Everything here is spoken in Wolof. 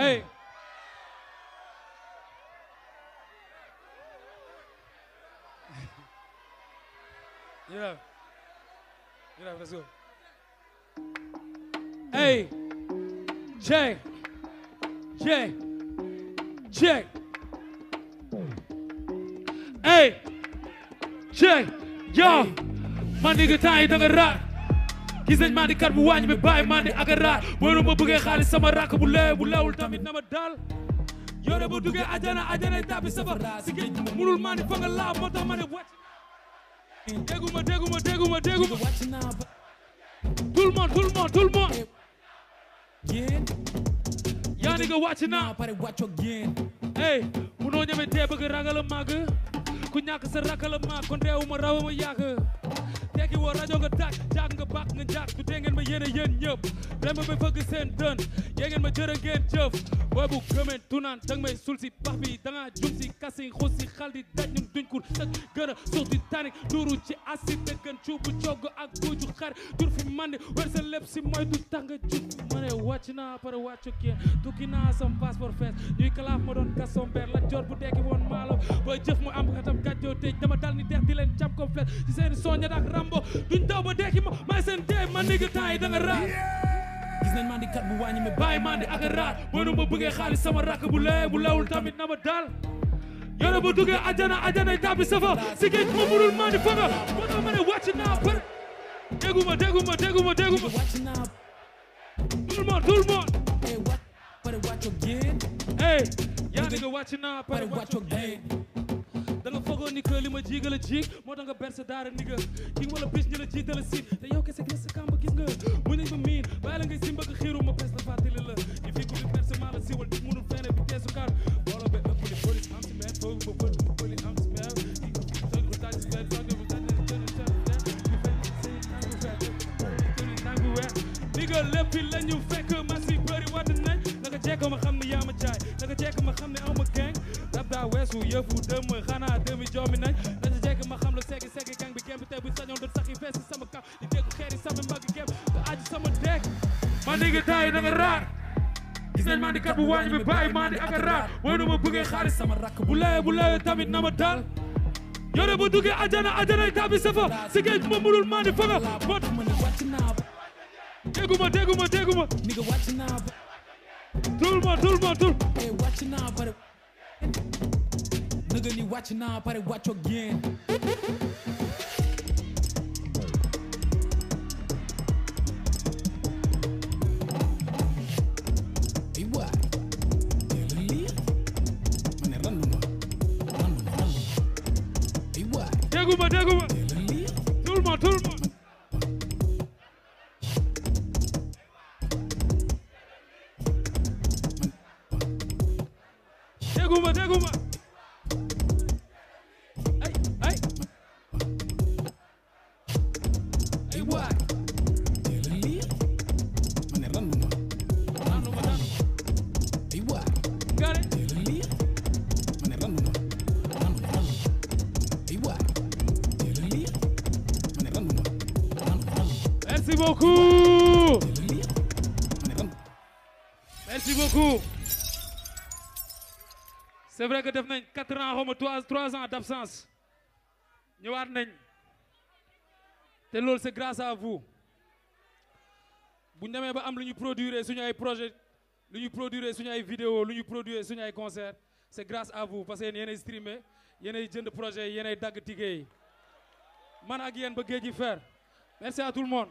Hey. Get up. Get up. Let's go. Hey. Jay. Jay. Jay. Hey. Jay. Yo. My nigga, time to rock. ki sëñ maa di kat bu waañ bi bàyyi maa di ak a raar boo nu ma bëggee xaalis sama rakk bu leewul tamit na ma daal yow bu duggee ajana ajana tàbbi safar si géej munul maa di fa nga laa moo tax ma ne wàcc dégguma dégguma dégguma dégguma tout le monde tout le monde tout le monde yaa ni nga wàcc a ku ñàkk sa ragal a màgg ma raw ma yàgg tekki woo rajo nga tàkk jàkk nga bàkk nga jàkk du tee ngeen ma yéene yéen ñëpp lema ba fëgg seen dën yee ma jërë ngeen jëf booy bu gëmeen tunaan danga may sul si pax bi da ngaa jum si kasi xus si xal di daj ñun duñ kur sëg gën a suux di tanik duuru ci acide te gën cuubu cogg ak buju xar jur fi mandi wër sa lépp si mooy du tax nga jug ma ne wàcc naa pare wàccu kien tukki naa sam passeport fees ñuy kalaaf ma doon gas sombeer la jor bu dekki woon maalo booy jëf mu am xatam gàjjoo tëj dama dal ni dex rambo duñ daw ba dekki ma may seen tey ma nigga temps yi da nga raar bu wàññi mi bàyyi man di ak raar ma bëggee xaalis sama rakk bu lee bu lawul tamit na ma daal yore bu duggee ajana ajana tàbbi safa si géej ma mënul man di fanga boo doo ma ne wàcc naa për dégguma dégguma dégguma dégguma tout le monde da nga fogoon ma jiigal a jiig moo tax nga berse a ni nga ki wala bis ñi la jiitala siin te yow kese gis sa kàmb gis a mu nañ ma miin bàyyi la ngay simba ko xiiru ma pes la fàttali la ku li berse maa la siwal di munul fene bi teesu kaar booloo be ëpp li bëri am si am si meer soo taaj si meer soo bu taaj jënd jënd ñu fenn si nangu weer ni nga lépp la ñu fekk ma si bëri wadd nañ ma xam ne yaa ma jaay naka jekk ma xam ne aw ma tey bu sañoon du saxi fees si sama kaw di dégg xeer yi sama mbagg gem te aji sama dégg ma dégg tay na nga raar gis nañ maa di kat bu wàññi bi bàyyi maa di ak a raar wooy na ma bëggee xaalis sama rakk bu laye bu laye tamit na ma dal yore bu duggee ajana ajana yi tàbbi sa fa si géej ma mënul maa di fa nga bot dégguma dégguma dégguma dul ma dul ma dul nëgë ni wàcc naa pare wàccoog yéen Daguma, Daguma. Tulma, Tulma. Daguma, Daguma. Merci beaucoup. Merci beaucoup. C'est vrai que nous 4 ans à 3, ans d'absence. Nous avons C'est grâce à vous. Si nous avons eu un produire nous avons projet, nous avons des vidéos, nous avons des concerts. C'est grâce à vous parce que vous il streamé, a des gens de projet, il y a un tag. Je vous merci à tout le monde.